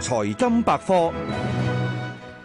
財金百科。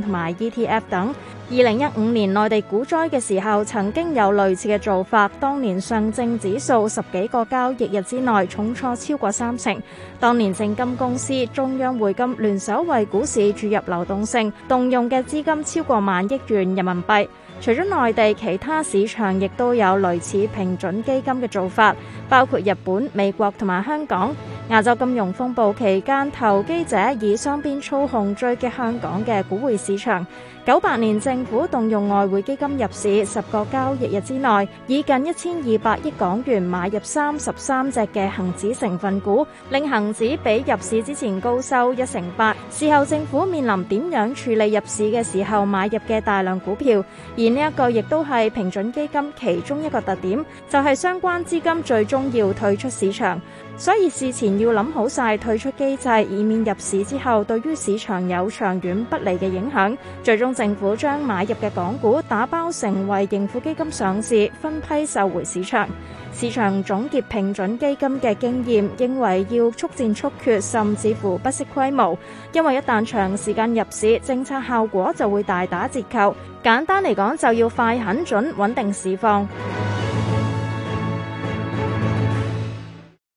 同埋 ETF 等，二零一五年內地股災嘅時候，曾經有類似嘅做法。當年上證指數十幾個交易日之內，重挫超過三成。當年證金公司、中央匯金聯手為股市注入流動性，動用嘅資金超過萬億元人民幣。除咗內地，其他市場亦都有類似平準基金嘅做法，包括日本、美國同埋香港。亞洲金融風暴期間，投機者以雙邊操控狙擊香港嘅股匯市場。九八年政府動用外匯基金入市，十個交易日之內，以近一千二百億港元買入三十三隻嘅恒指成分股，令恒指比入市之前高收一成八。事後政府面臨點樣處理入市嘅時候買入嘅大量股票。而呢一個亦都係平準基金其中一個特點，就係相關資金最終要退出市場，所以事前，要諗好晒退出機制，以免入市之後對於市場有長遠不利嘅影響。最終政府將買入嘅港股打包成為盈富基金上市，分批售回市場。市場總結平準基金嘅經驗，認為要速戰速決，甚至乎不惜規模，因為一旦長時間入市，政策效果就會大打折扣。簡單嚟講，就要快、狠、準、穩定市況。